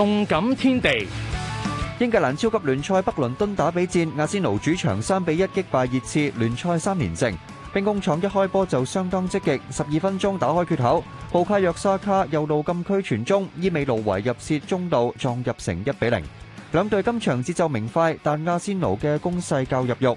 動感天地，英格蘭超級聯賽北倫敦打比戰，阿仙奴主場三比一擊敗熱刺，聯賽三連勝。兵工廠一開波就相當積極，十二分鐘打開缺口，布卡約沙卡右路禁區傳中，伊美路維入切中路撞入成一比零。兩隊今場節奏明快，但阿仙奴嘅攻勢較入肉。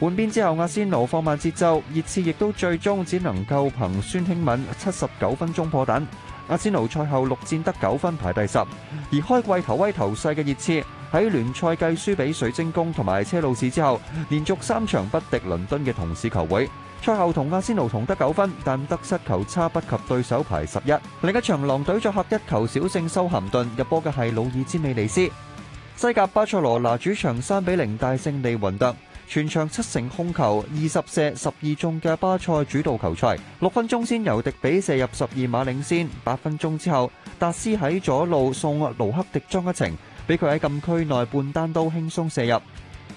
換邊之後，阿仙奴放慢節奏，熱刺亦都最終只能夠憑孫興敏七十九分鐘破蛋。阿仙奴賽後六戰得九分排第十，而開季頭威頭勢嘅熱刺喺聯賽計輸俾水晶宮同埋車路士之後，連續三場不敵倫敦嘅同市球會。賽後同阿仙奴同得九分，但得失球差不及對手排十一。另一場狼隊作客一球小勝修咸頓入波嘅係魯爾詹美尼斯。西甲巴塞羅拿主場三比零大勝利雲特。全場七成控球，二十射十二中嘅巴塞主導球賽，六分鐘先由迪比射入十二碼領先，八分鐘之後達斯喺左路送盧克迪裝一程，俾佢喺禁區內半單刀輕鬆射入。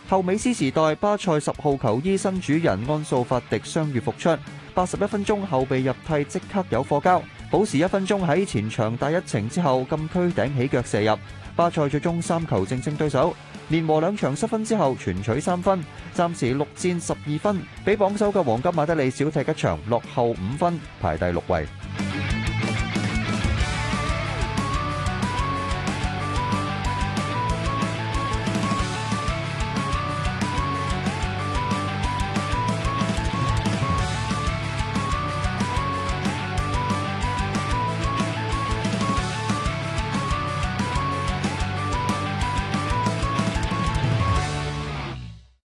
後美斯時代，巴塞十號球衣新主人安素法迪傷癒復出，八十一分鐘後備入替即刻有貨交。保持一分鐘喺前場帶一程之後，禁區頂起腳射入，巴塞最終三球淨勝對手，連和兩場失分之後全取三分，暫時六戰十二分，比榜首嘅皇家馬德里少踢一場，落後五分，排第六位。